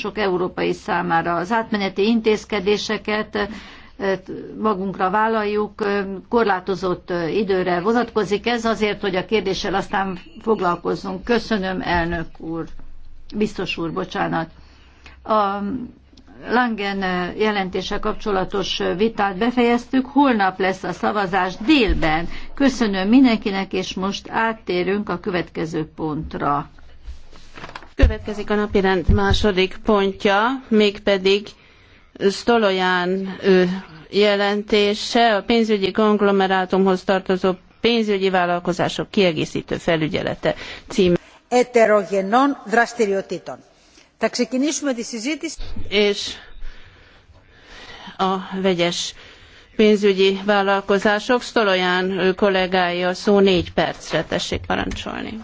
sok európai számára. Az átmeneti intézkedéseket eh, magunkra vállaljuk, eh, korlátozott eh, időre vonatkozik ez azért, hogy a kérdéssel aztán foglalkozzunk. Köszönöm, elnök úr, biztos úr, bocsánat. A Langen jelentése kapcsolatos vitát befejeztük. Holnap lesz a szavazás délben. Köszönöm mindenkinek, és most áttérünk a következő pontra. Következik a napirend második pontja, mégpedig Stolojan jelentése a pénzügyi konglomerátumhoz tartozó pénzügyi vállalkozások kiegészítő felügyelete cím. Heterogenon draszteriotiton. Θα ξεκινήσουμε És a vegyes pénzügyi vállalkozások. Sztoloján kollégája a szó négy percre, tessék parancsolni.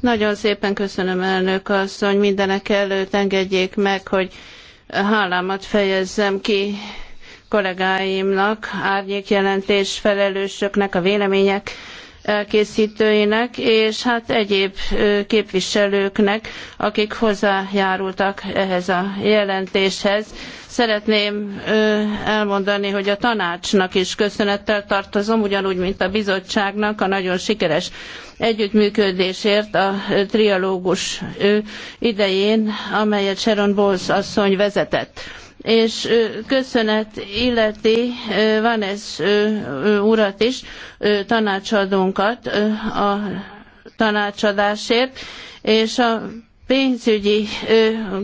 Nagyon szépen köszönöm, elnök asszony. Mindenek előtt engedjék meg, hogy hálámat fejezzem ki kollégáimnak, árnyékjelentés felelősöknek a vélemények elkészítőinek, és hát egyéb képviselőknek, akik hozzájárultak ehhez a jelentéshez. Szeretném elmondani, hogy a tanácsnak is köszönettel tartozom, ugyanúgy, mint a bizottságnak a nagyon sikeres együttműködésért a trialógus idején, amelyet Sharon Bowles asszony vezetett és köszönet illeti Vanes urat is, tanácsadónkat a tanácsadásért, és a pénzügyi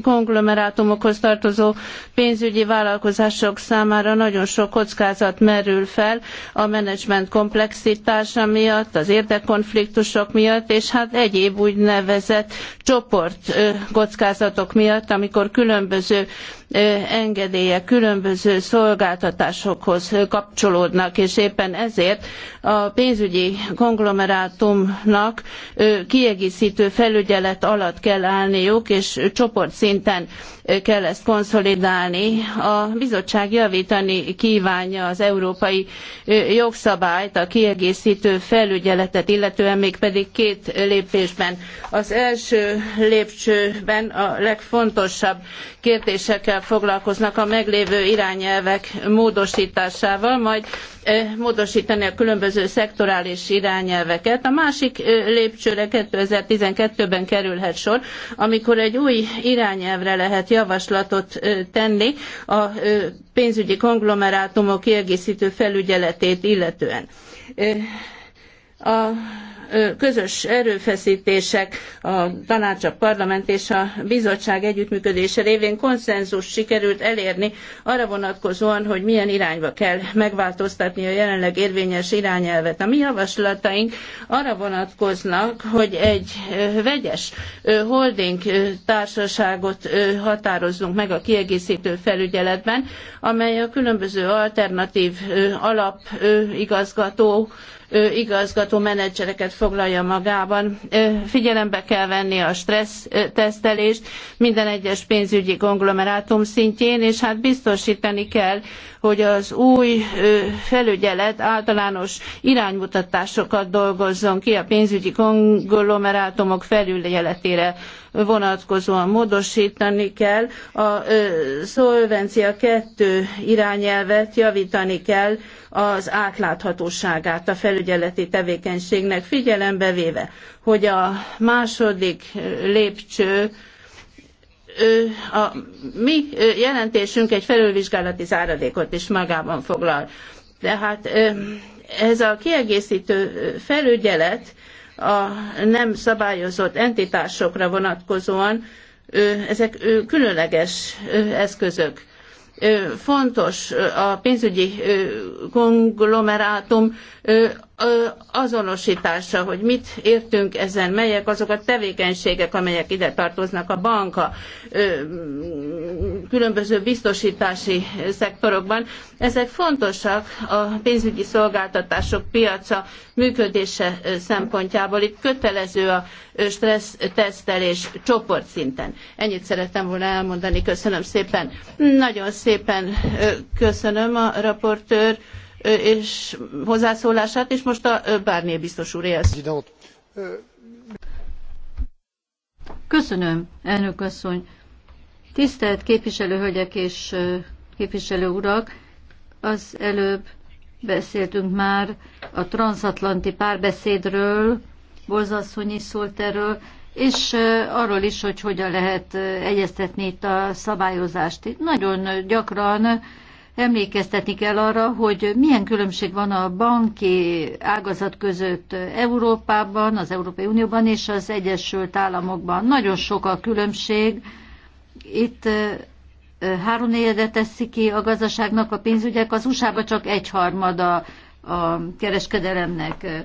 konglomerátumokhoz tartozó pénzügyi vállalkozások számára nagyon sok kockázat merül fel a menedzsment komplexitása miatt, az érdekkonfliktusok miatt, és hát egyéb úgynevezett csoport kockázatok miatt, amikor különböző engedélyek különböző szolgáltatásokhoz kapcsolódnak, és éppen ezért a pénzügyi konglomerátumnak kiegészítő felügyelet alatt kell állniuk, és csoportszinten kell ezt konszolidálni. A bizottság javítani kívánja az európai jogszabályt, a kiegészítő felügyeletet, illetően még pedig két lépésben. Az első lépcsőben a legfontosabb kérdésekkel foglalkoznak a meglévő irányelvek módosításával, majd módosítani a különböző szektorális irányelveket. A másik lépcsőre 2012-ben kerülhet sor, amikor egy új irányelvre lehet javaslatot tenni a pénzügyi konglomerátumok kiegészítő felügyeletét illetően. A közös erőfeszítések a tanács, a parlament és a bizottság együttműködése révén konszenzus sikerült elérni arra vonatkozóan, hogy milyen irányba kell megváltoztatni a jelenleg érvényes irányelvet. A mi javaslataink arra vonatkoznak, hogy egy vegyes holding társaságot határozzunk meg a kiegészítő felügyeletben, amely a különböző alternatív alapigazgató igazgató menedzsereket foglalja magában. Figyelembe kell venni a stressz tesztelést minden egyes pénzügyi konglomerátum szintjén, és hát biztosítani kell, hogy az új felügyelet általános iránymutatásokat dolgozzon ki a pénzügyi konglomerátumok felügyeletére vonatkozóan módosítani kell, a szolvencia kettő irányelvet javítani kell az átláthatóságát a felügyeleti tevékenységnek, figyelembe véve, hogy a második lépcső a mi jelentésünk egy felülvizsgálati záradékot is magában foglal. Tehát ez a kiegészítő felügyelet a nem szabályozott entitásokra vonatkozóan, ezek különleges eszközök fontos a pénzügyi konglomerátum azonosítása, hogy mit értünk ezen, melyek azok a tevékenységek, amelyek ide tartoznak a banka különböző biztosítási szektorokban. Ezek fontosak a pénzügyi szolgáltatások piaca működése szempontjából. Itt kötelező a stressz tesztelés csoportszinten. Ennyit szerettem volna elmondani. Köszönöm szépen. Nagyon szépen köszönöm a raportőr és hozzászólását, és most a Bárné biztos úr élsz. Köszönöm, elnök asszony. Tisztelt képviselőhölgyek és képviselő urak, az előbb beszéltünk már a transatlanti párbeszédről, Borzasszony is szólt erről, és arról is, hogy hogyan lehet egyeztetni itt a szabályozást. Itt nagyon gyakran emlékeztetni kell arra, hogy milyen különbség van a banki ágazat között Európában, az Európai Unióban és az Egyesült Államokban. Nagyon sok a különbség. Itt három teszi ki a gazdaságnak a pénzügyek, az USA-ban csak egyharmada a kereskedelemnek.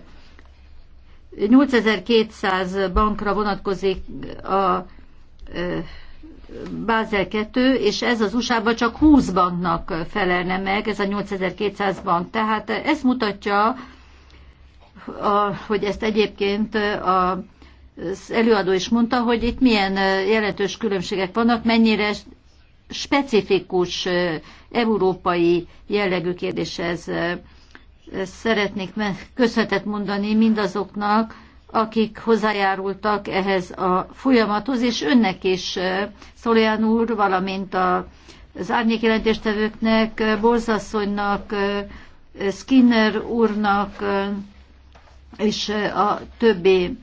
8200 bankra vonatkozik a Bázel 2, és ez az USA-ban csak 20 banknak felelne meg, ez a 8200 bank. Tehát ez mutatja, hogy ezt egyébként a az előadó is mondta, hogy itt milyen jelentős különbségek vannak, mennyire specifikus európai jellegű kérdéshez Szeretnék köszönetet mondani mindazoknak, akik hozzájárultak ehhez a folyamathoz, és önnek is, eh, Szolján úr, valamint a, az árnyékjelentéstevőknek, eh, Borzasszonynak, eh, Skinner úrnak, és a többi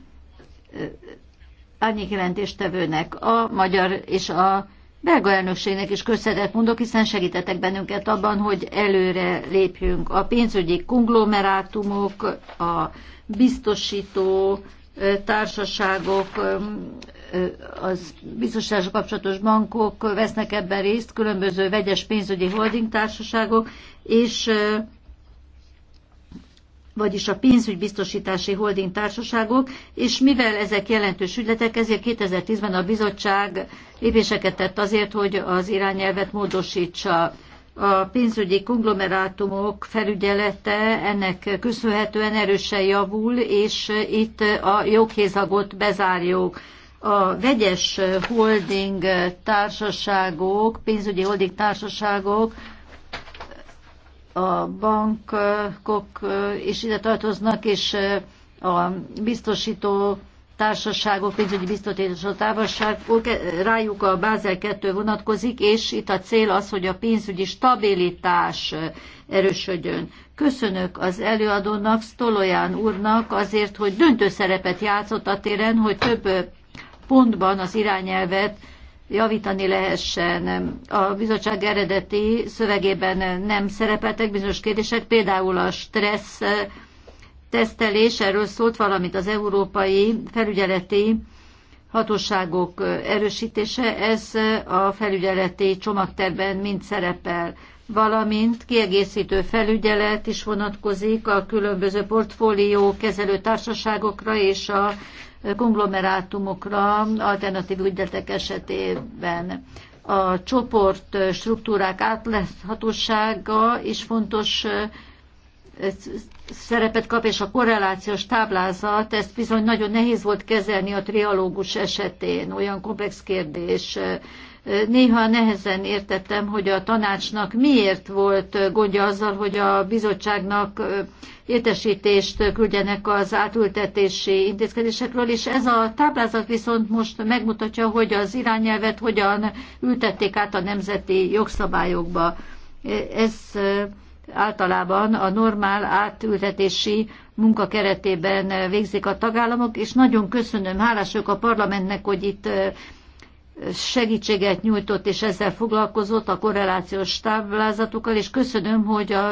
árnyékjelentéstevőnek, a magyar és a belga elnökségnek is köszönetet mondok, hiszen segítettek bennünket abban, hogy előre lépjünk. A pénzügyi konglomerátumok, a biztosító társaságok, az biztosítások kapcsolatos bankok vesznek ebben részt, különböző vegyes pénzügyi holding társaságok, és vagyis a pénzügybiztosítási holding társaságok, és mivel ezek jelentős ügyletek, ezért 2010-ben a bizottság lépéseket tett azért, hogy az irányelvet módosítsa. A pénzügyi konglomerátumok felügyelete ennek köszönhetően erősen javul, és itt a joghézagot bezárjuk. A vegyes holding társaságok, pénzügyi holding társaságok a bankok is ide tartoznak, és a biztosító társaságok, pénzügyi biztosító társaságok, rájuk a Bázel 2 vonatkozik, és itt a cél az, hogy a pénzügyi stabilitás erősödjön. Köszönök az előadónak, Stoloján úrnak azért, hogy döntő szerepet játszott a téren, hogy több pontban az irányelvet javítani lehessen. A bizottság eredeti szövegében nem szerepeltek bizonyos kérdések, például a stressz eh, tesztelés, erről szólt valamit az európai felügyeleti hatóságok eh, erősítése, ez eh, a felügyeleti csomagterben mind szerepel, valamint kiegészítő felügyelet is vonatkozik a különböző portfólió kezelő társaságokra és a konglomerátumokra, alternatív ügyletek esetében. A csoport struktúrák átláthatósága is fontos szerepet kap, és a korrelációs táblázat, ezt bizony nagyon nehéz volt kezelni a trialógus esetén, olyan komplex kérdés néha nehezen értettem, hogy a tanácsnak miért volt gondja azzal, hogy a bizottságnak értesítést küldjenek az átültetési intézkedésekről, és ez a táblázat viszont most megmutatja, hogy az irányelvet hogyan ültették át a nemzeti jogszabályokba. Ez általában a normál átültetési munka keretében végzik a tagállamok, és nagyon köszönöm, hálások a parlamentnek, hogy itt segítséget nyújtott és ezzel foglalkozott a korrelációs táblázatokkal, és köszönöm, hogy a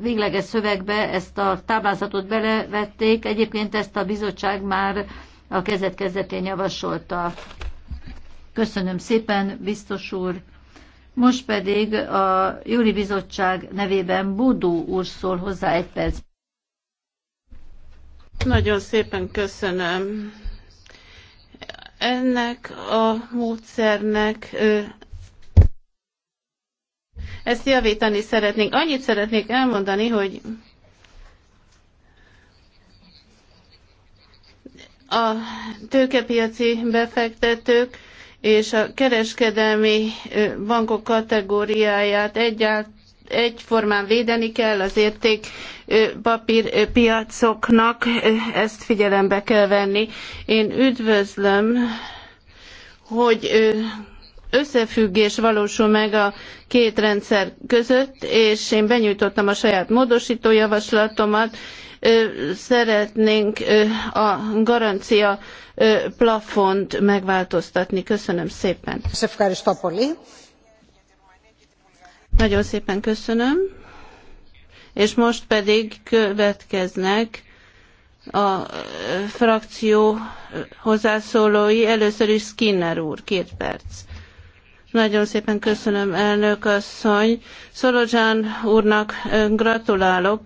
végleges szövegbe ezt a táblázatot belevették. Egyébként ezt a bizottság már a kezdet-kezdetén javasolta. Köszönöm szépen, biztos úr. Most pedig a Júli Bizottság nevében Budó úr szól hozzá egy perc. Nagyon szépen köszönöm. Ennek a módszernek ezt javítani szeretnénk. Annyit szeretnék elmondani, hogy a tőkepiaci befektetők és a kereskedelmi bankok kategóriáját egyáltalán egyformán védeni kell az érték papírpiacoknak, ezt figyelembe kell venni. Én üdvözlöm, hogy összefüggés valósul meg a két rendszer között, és én benyújtottam a saját módosító javaslatomat. Szeretnénk a garancia plafont megváltoztatni. Köszönöm szépen. Nagyon szépen köszönöm. És most pedig következnek a frakció hozzászólói. Először is Skinner úr, két perc. Nagyon szépen köszönöm, elnök asszony. Szorodzsán úrnak gratulálok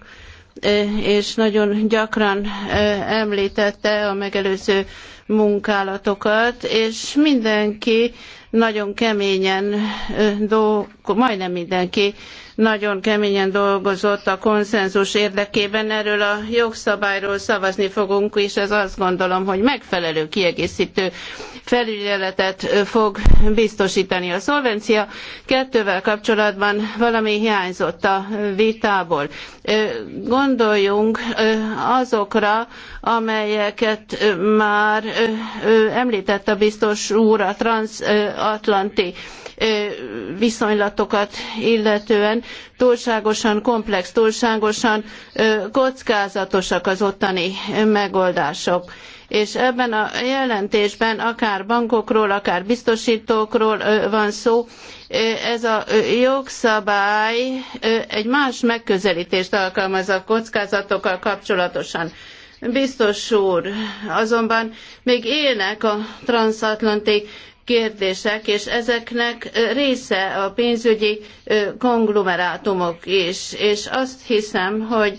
és nagyon gyakran említette a megelőző munkálatokat, és mindenki nagyon keményen, do, majdnem mindenki nagyon keményen dolgozott a konszenzus érdekében. Erről a jogszabályról szavazni fogunk, és ez azt gondolom, hogy megfelelő kiegészítő felügyeletet fog biztosítani. A szolvencia kettővel kapcsolatban valami hiányzott a vitából. Gondoljunk azokra, amelyeket már említett a biztos úr a transatlanti viszonylatokat illetően túlságosan komplex, túlságosan kockázatosak az ottani megoldások és ebben a jelentésben akár bankokról, akár biztosítókról van szó, ez a jogszabály egy más megközelítést alkalmaz a kockázatokkal kapcsolatosan. Biztos úr, azonban még élnek a transatlanti kérdések, és ezeknek része a pénzügyi konglomerátumok is. És azt hiszem, hogy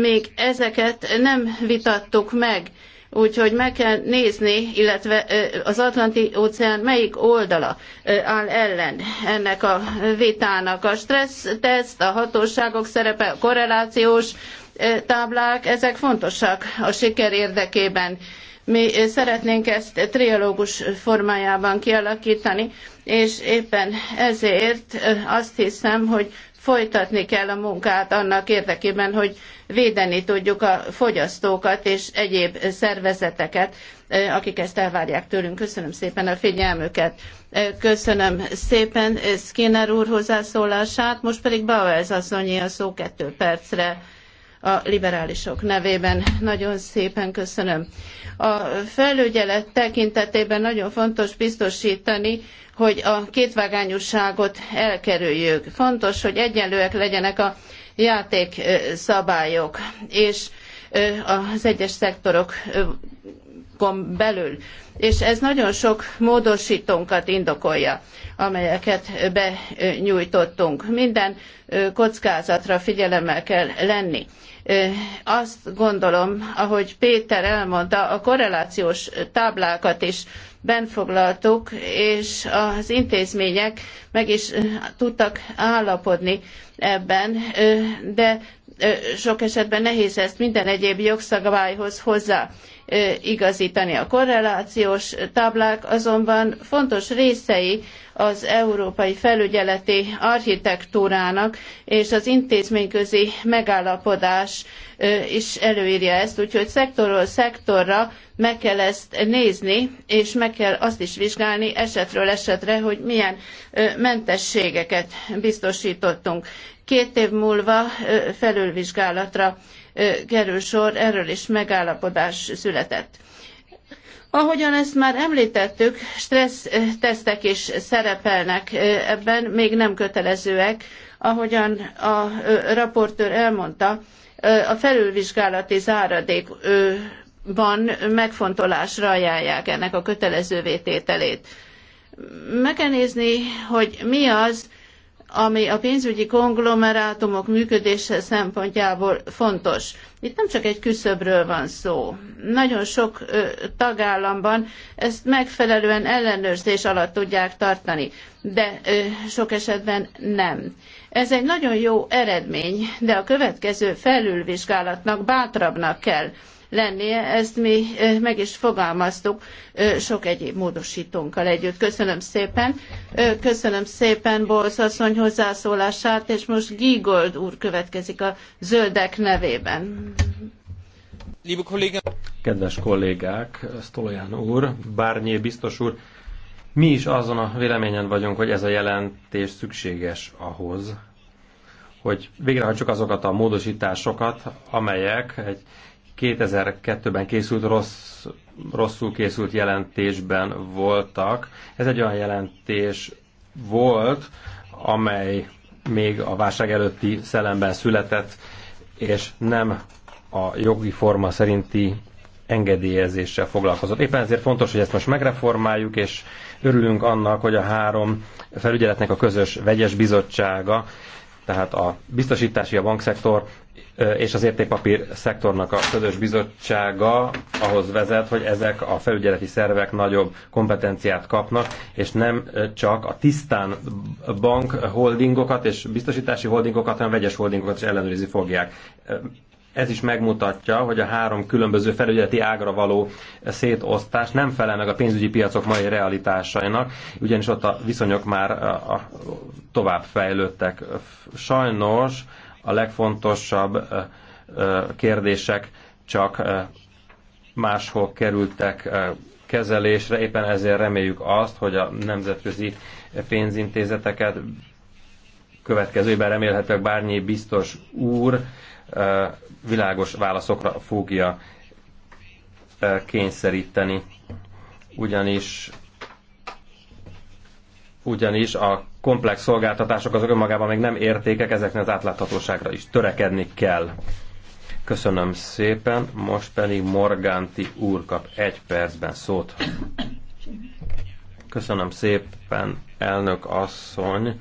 még ezeket nem vitattuk meg. Úgyhogy meg kell nézni, illetve az Atlanti-óceán melyik oldala áll ellen ennek a vitának. A stressz teszt, a hatóságok szerepe, a korrelációs táblák, ezek fontosak a siker érdekében mi szeretnénk ezt trialógus formájában kialakítani, és éppen ezért azt hiszem, hogy folytatni kell a munkát annak érdekében, hogy védeni tudjuk a fogyasztókat és egyéb szervezeteket, akik ezt elvárják tőlünk. Köszönöm szépen a figyelmüket. Köszönöm szépen Skinner úr hozzászólását, most pedig Bauer asszonyi a szó kettő percre a liberálisok nevében. Nagyon szépen köszönöm. A felügyelet tekintetében nagyon fontos biztosítani, hogy a kétvágányúságot elkerüljük. Fontos, hogy egyenlőek legyenek a játékszabályok, és az egyes szektorok kon belül. És ez nagyon sok módosítónkat indokolja, amelyeket benyújtottunk. Minden kockázatra figyelemmel kell lenni. Azt gondolom, ahogy Péter elmondta, a korrelációs táblákat is benfoglaltuk, és az intézmények meg is tudtak állapodni ebben, de sok esetben nehéz ezt minden egyéb jogszabályhoz hozzá igazítani. A korrelációs táblák azonban fontos részei az európai felügyeleti architektúrának, és az intézményközi megállapodás is előírja ezt, úgyhogy szektorról szektorra meg kell ezt nézni, és meg kell azt is vizsgálni esetről esetre, hogy milyen mentességeket biztosítottunk. Két év múlva felülvizsgálatra kerül sor, erről is megállapodás született. Ahogyan ezt már említettük, stressz tesztek is szerepelnek ebben, még nem kötelezőek. Ahogyan a raportőr elmondta, a felülvizsgálati záradékban megfontolásra ajánlják ennek a kötelező vétételét. Meg kell nézni, hogy mi az, ami a pénzügyi konglomerátumok működése szempontjából fontos. Itt nem csak egy küszöbről van szó. Nagyon sok ö, tagállamban ezt megfelelően ellenőrzés alatt tudják tartani, de ö, sok esetben nem. Ez egy nagyon jó eredmény, de a következő felülvizsgálatnak bátrabbnak kell lennie, ezt mi meg is fogalmaztuk sok egyéb módosítónkkal együtt. Köszönöm szépen. Köszönöm szépen Bolsz asszony hozzászólását, és most Gigold úr következik a zöldek nevében. Kedves kollégák, Sztoloján úr, Bárnyé biztos úr, mi is azon a véleményen vagyunk, hogy ez a jelentés szükséges ahhoz, hogy végrehajtsuk azokat a módosításokat, amelyek egy 2002-ben készült rossz, rosszul készült jelentésben voltak. Ez egy olyan jelentés volt, amely még a válság előtti szellemben született, és nem a jogi forma szerinti engedélyezéssel foglalkozott. Éppen ezért fontos, hogy ezt most megreformáljuk, és örülünk annak, hogy a három felügyeletnek a közös vegyes bizottsága tehát a biztosítási, a bankszektor és az értékpapír szektornak a közös bizottsága ahhoz vezet, hogy ezek a felügyeleti szervek nagyobb kompetenciát kapnak, és nem csak a tisztán bank holdingokat és biztosítási holdingokat, hanem vegyes holdingokat is ellenőrizni fogják. Ez is megmutatja, hogy a három különböző felügyeleti ágra való szétosztás nem felel meg a pénzügyi piacok mai realitásainak, ugyanis ott a viszonyok már tovább fejlődtek. Sajnos a legfontosabb kérdések csak máshol kerültek kezelésre, éppen ezért reméljük azt, hogy a nemzetközi pénzintézeteket következőben remélhetőleg Bárnyi biztos úr világos válaszokra fogja kényszeríteni. Ugyanis ugyanis a komplex szolgáltatások azok önmagában még nem értékek, ezeknek az átláthatóságra is törekedni kell. Köszönöm szépen, most pedig Morganti úr kap egy percben szót. Köszönöm szépen, elnök asszony.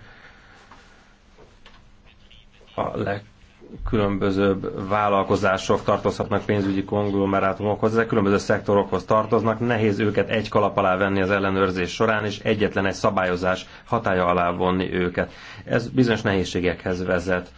A leg különbözőbb vállalkozások tartozhatnak pénzügyi konglomerátumokhoz, ezek különböző szektorokhoz tartoznak, nehéz őket egy kalap alá venni az ellenőrzés során, és egyetlen egy szabályozás hatája alá vonni őket. Ez bizonyos nehézségekhez vezet.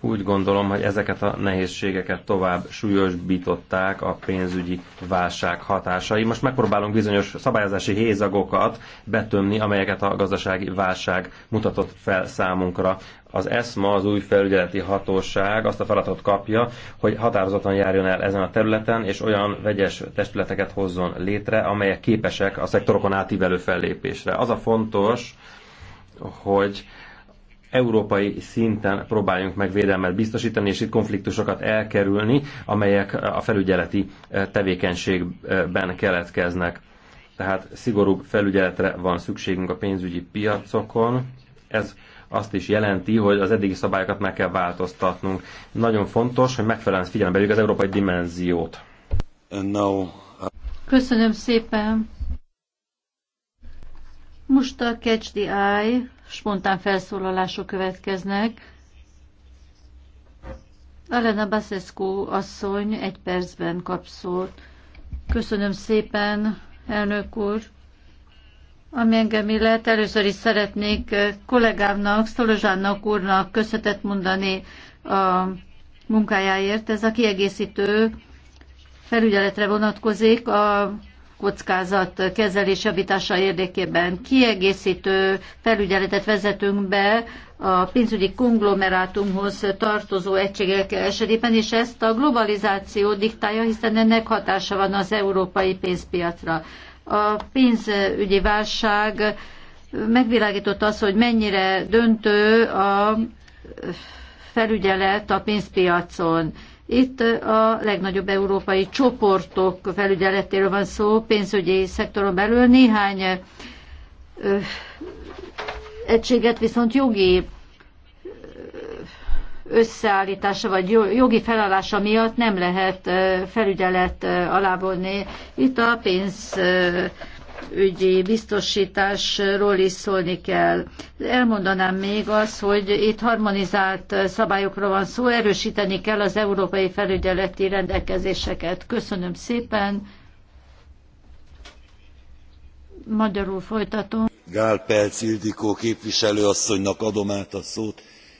Úgy gondolom, hogy ezeket a nehézségeket tovább súlyosbították a pénzügyi válság hatásai. Most megpróbálunk bizonyos szabályozási hézagokat betömni, amelyeket a gazdasági válság mutatott fel számunkra az ESMA, az új felügyeleti hatóság azt a feladatot kapja, hogy határozottan járjon el ezen a területen, és olyan vegyes testületeket hozzon létre, amelyek képesek a szektorokon átívelő fellépésre. Az a fontos, hogy európai szinten próbáljunk meg védelmet biztosítani, és itt konfliktusokat elkerülni, amelyek a felügyeleti eh, tevékenységben keletkeznek. Tehát szigorúbb felügyeletre van szükségünk a pénzügyi piacokon. Ez azt is jelenti, hogy az eddigi szabályokat meg kell változtatnunk. Nagyon fontos, hogy megfelelően figyelembe vegyük az európai dimenziót. Uh, Köszönöm szépen! Most a Catch the Eye spontán felszólalások következnek. Elena Basescu asszony egy percben kap szót. Köszönöm szépen, elnök úr! Ami engem illet, először is szeretnék eh, kollégámnak, Szolozsánnak úrnak köszönetet mondani a munkájáért. Ez a kiegészítő felügyeletre vonatkozik a kockázat kezelés javítása érdekében. Kiegészítő felügyeletet vezetünk be a pénzügyi konglomerátumhoz tartozó egységek esetében, és ezt a globalizáció diktálja, hiszen ennek hatása van az európai pénzpiacra. A pénzügyi válság megvilágította azt, hogy mennyire döntő a felügyelet a pénzpiacon. Itt a legnagyobb európai csoportok felügyeletéről van szó, pénzügyi szektoron belül néhány egységet viszont jogi összeállítása vagy jogi felállása miatt nem lehet felügyelet alá vonni. Itt a pénzügyi biztosításról is szólni kell. Elmondanám még az, hogy itt harmonizált szabályokról van szó, erősíteni kell az európai felügyeleti rendelkezéseket. Köszönöm szépen. Magyarul folytatom. Gál Perc Ildikó képviselőasszonynak adom át a szót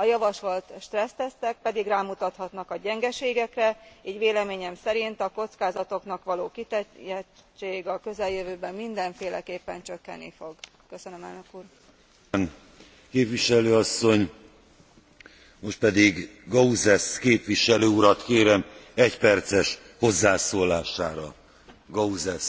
a javasolt stressztesztek pedig rámutathatnak a gyengeségekre gy véleményem szerint a kockázatoknak való kitettség a közeljövőben mindenféleképpen csökkenni fog. köszönöm elnök úr! képviselő asszony most pedig gauzes képviselő urat kérem egyperces hozzászólására. gauzes.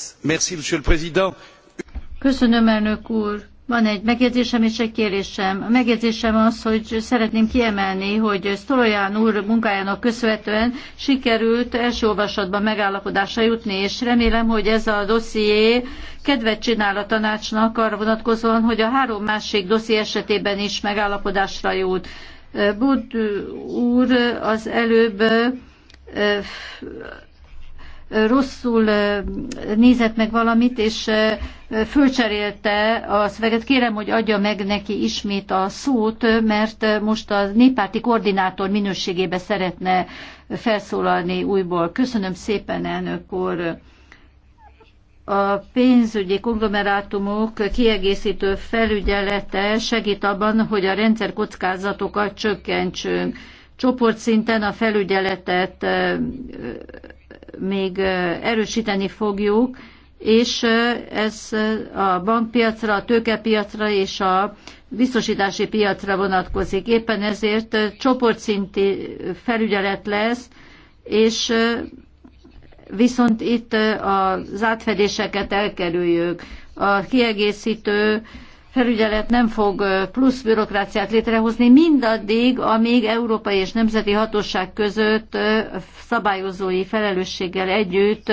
köszönöm elnök úr! Van egy megjegyzésem és egy kérésem. A megjegyzésem az, hogy szeretném kiemelni, hogy Sztoroján úr munkájának köszönhetően sikerült első olvasatban megállapodásra jutni, és remélem, hogy ez a dosszié kedvet csinál a tanácsnak arra vonatkozóan, hogy a három másik dosszié esetében is megállapodásra jut. Bud úr az előbb rosszul nézett meg valamit, és fölcserélte a szöveget. Kérem, hogy adja meg neki ismét a szót, mert most a néppárti koordinátor minőségébe szeretne felszólalni újból. Köszönöm szépen, elnök úr! a pénzügyi konglomerátumok kiegészítő felügyelete segít abban, hogy a rendszer kockázatokat csökkentsünk. Csoportszinten a felügyeletet még erősíteni fogjuk, és ez a bankpiacra, a tőkepiacra és a biztosítási piacra vonatkozik. Éppen ezért csoportszinti felügyelet lesz, és viszont itt az átfedéseket elkerüljük. A kiegészítő felügyelet nem fog plusz bürokráciát létrehozni, mindaddig, amíg európai és nemzeti hatóság között szabályozói felelősséggel együtt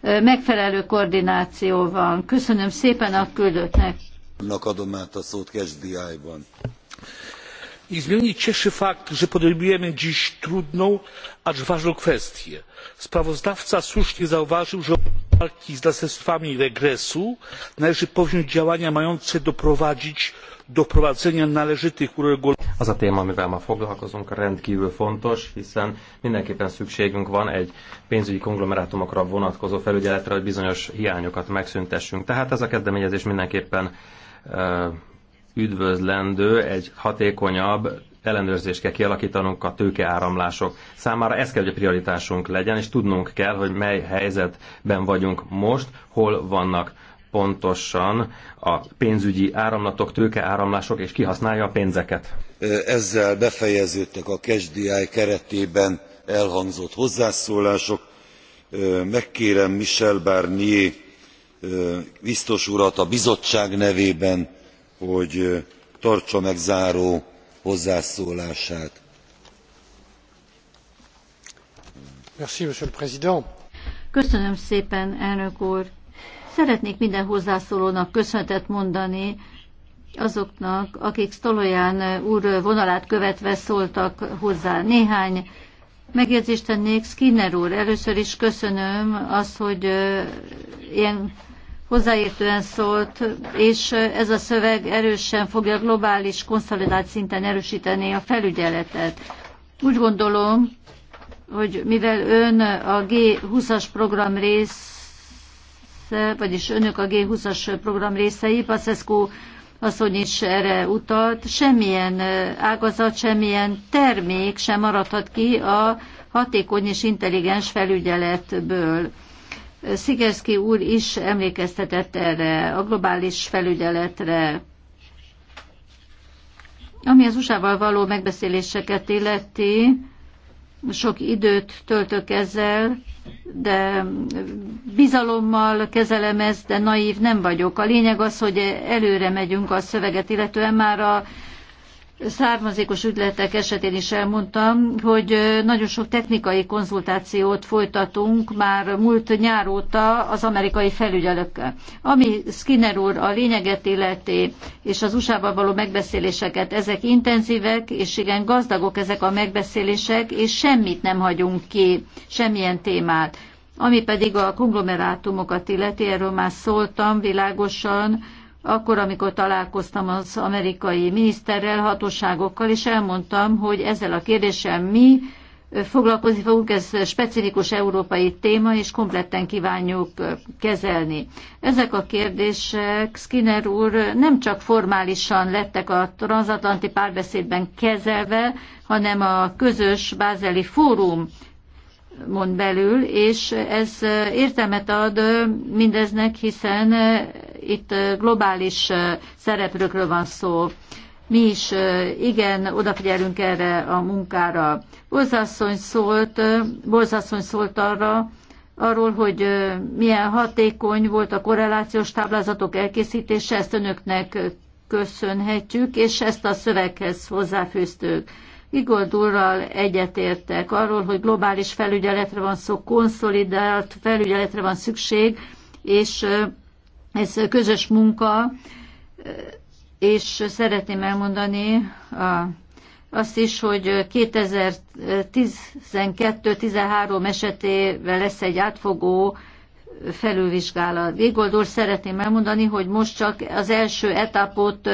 megfelelő koordináció van. Köszönöm szépen a küldöttnek. Annak adom át a szót Kesdiájban. I Niezmiernie cieszy fakt, że podejmujemy dziś trudną, acz ważną kwestię. Sprawozdawca słusznie zauważył, że walki z następstwami regresu należy podjąć działania mające doprowadzić do wprowadzenia należytych uregulowań. Az a téma, amivel ma foglalkozunk, rendkívül fontos, hiszen mindenképpen szükségünk van egy pénzügyi konglomerátumokra vonatkozó felügyeletre, hogy bizonyos hiányokat megszüntessünk. Tehát ez a kezdeményezés mindenképpen üdvözlendő, egy hatékonyabb ellenőrzést kell kialakítanunk a tőkeáramlások számára. Ez kell, hogy a prioritásunk legyen, és tudnunk kell, hogy mely helyzetben vagyunk most, hol vannak pontosan a pénzügyi áramlatok, tőkeáramlások, és kihasználja a pénzeket. Ezzel befejeződtek a KSDI keretében elhangzott hozzászólások. Megkérem Michel Barnier biztos urat a bizottság nevében, hogy tartsa meg záró hozzászólását. Köszönöm szépen, elnök úr! Szeretnék minden hozzászólónak köszönetet mondani, azoknak, akik Stoloján úr vonalát követve szóltak hozzá. Néhány megjegyzést tennék. Skinner úr, először is köszönöm az, hogy ilyen hozzáértően szólt, és ez a szöveg erősen fogja globális konszolidált szinten erősíteni a felügyeletet. Úgy gondolom, hogy mivel ön a G20-as program része, vagyis önök a G20-as program részei, Paszeszkó asszony is erre utalt, semmilyen ágazat, semmilyen termék sem maradhat ki a hatékony és intelligens felügyeletből. Szigerszki úr is emlékeztetett erre, a globális felügyeletre. Ami az USA-val való megbeszéléseket illeti, sok időt töltök ezzel, de bizalommal kezelem ezt, de naív nem vagyok. A lényeg az, hogy előre megyünk a szöveget, illetően már a származékos ügyletek esetén is elmondtam, hogy nagyon sok technikai konzultációt folytatunk már múlt nyár óta az amerikai felügyelőkkel. Ami Skinner úr a lényeget illeti és az usa való megbeszéléseket, ezek intenzívek és igen gazdagok ezek a megbeszélések, és semmit nem hagyunk ki, semmilyen témát. Ami pedig a konglomerátumokat illeti, erről már szóltam világosan, akkor, amikor találkoztam az amerikai miniszterrel, hatóságokkal, és elmondtam, hogy ezzel a kérdéssel mi foglalkozni fogunk, ez specifikus európai téma, és kompletten kívánjuk kezelni. Ezek a kérdések, Skinner úr, nem csak formálisan lettek a transatlanti párbeszédben kezelve, hanem a közös bázeli fórum mon belül, és ez értelmet ad mindeznek, hiszen itt globális szereplőkről van szó. Mi is igen, odafigyelünk erre a munkára. Borzasszony szólt, Borzasszony szólt arra, arról, hogy milyen hatékony volt a korrelációs táblázatok elkészítése, ezt önöknek köszönhetjük, és ezt a szöveghez hozzáfűztük. Igoldurral egyetértek arról, hogy globális felügyeletre van szó, konszolidált felügyeletre van szükség, és ez közös munka, és szeretném elmondani a azt is, hogy 2012-13 esetével lesz egy átfogó felülvizsgálat. Végoldor szeretném elmondani, hogy most csak az első etapot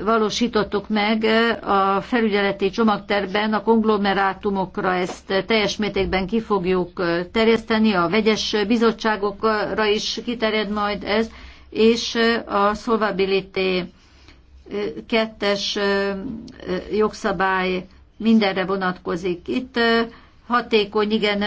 valósítottuk meg a felügyeleti csomagterben a konglomerátumokra, ezt teljes mértékben ki fogjuk terjeszteni, a vegyes bizottságokra is kiterjed majd ez, és a szolvabilité kettes jogszabály mindenre vonatkozik. Itt hatékony, igen,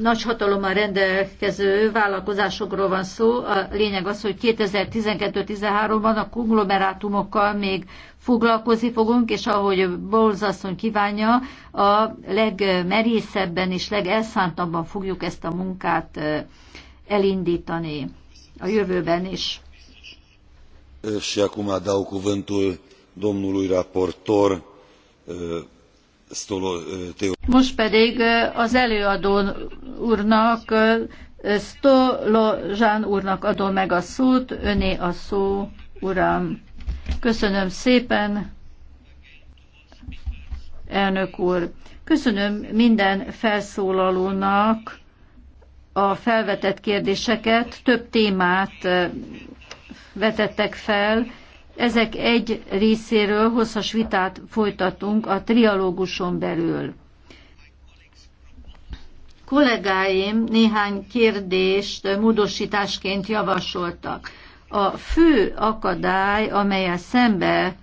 nagy hatalommal rendelkező vállalkozásokról van szó. A lényeg az, hogy 2012-13-ban a konglomerátumokkal még foglalkozni fogunk, és ahogy Bolz asszony kívánja, a legmerészebben és legelszántabban fogjuk ezt a munkát elindítani a jövőben is. Și acum dau cuvântul domnului raportor most pedig az előadó úrnak, Stolozsán úrnak adom meg a szót, öné a szó, uram. Köszönöm szépen, elnök úr. Köszönöm minden felszólalónak a felvetett kérdéseket, több témát vetettek fel, ezek egy részéről hosszas vitát folytatunk a trialóguson belül. Kollégáim néhány kérdést módosításként javasoltak. A fő akadály, amelyel szembe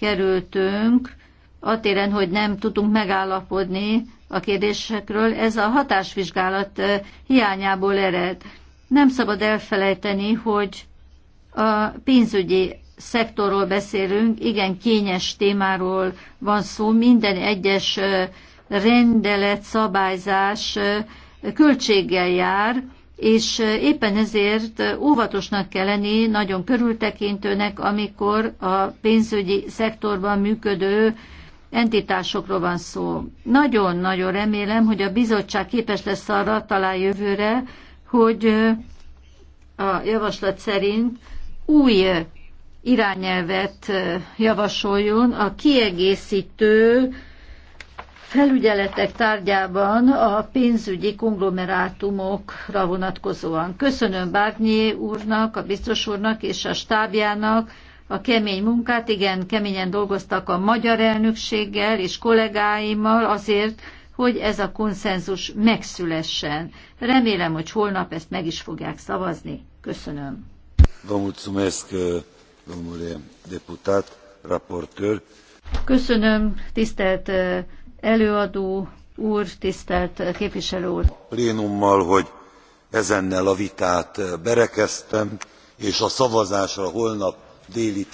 kerültünk, a téren, hogy nem tudunk megállapodni a kérdésekről, ez a hatásvizsgálat hiányából ered. Nem szabad elfelejteni, hogy a pénzügyi szektorról beszélünk, igen kényes témáról van szó, minden egyes rendelet, szabályzás költséggel jár, és éppen ezért óvatosnak kell lenni, nagyon körültekintőnek, amikor a pénzügyi szektorban működő entitásokról van szó. Nagyon-nagyon remélem, hogy a bizottság képes lesz arra talán jövőre, hogy a javaslat szerint új irányelvet javasoljon a kiegészítő felügyeletek tárgyában a pénzügyi konglomerátumokra vonatkozóan. Köszönöm Bárnyé úrnak, a biztos úrnak és a stábjának a kemény munkát. Igen, keményen dolgoztak a magyar elnökséggel és kollégáimmal azért, hogy ez a konszenzus megszülessen. Remélem, hogy holnap ezt meg is fogják szavazni. Köszönöm. Vă mulțumesc Köszönöm, tisztelt előadó úr, tisztelt képviselő úr. Plénummal, hogy ezennel a vitát berekeztem, és a szavazásra holnap déli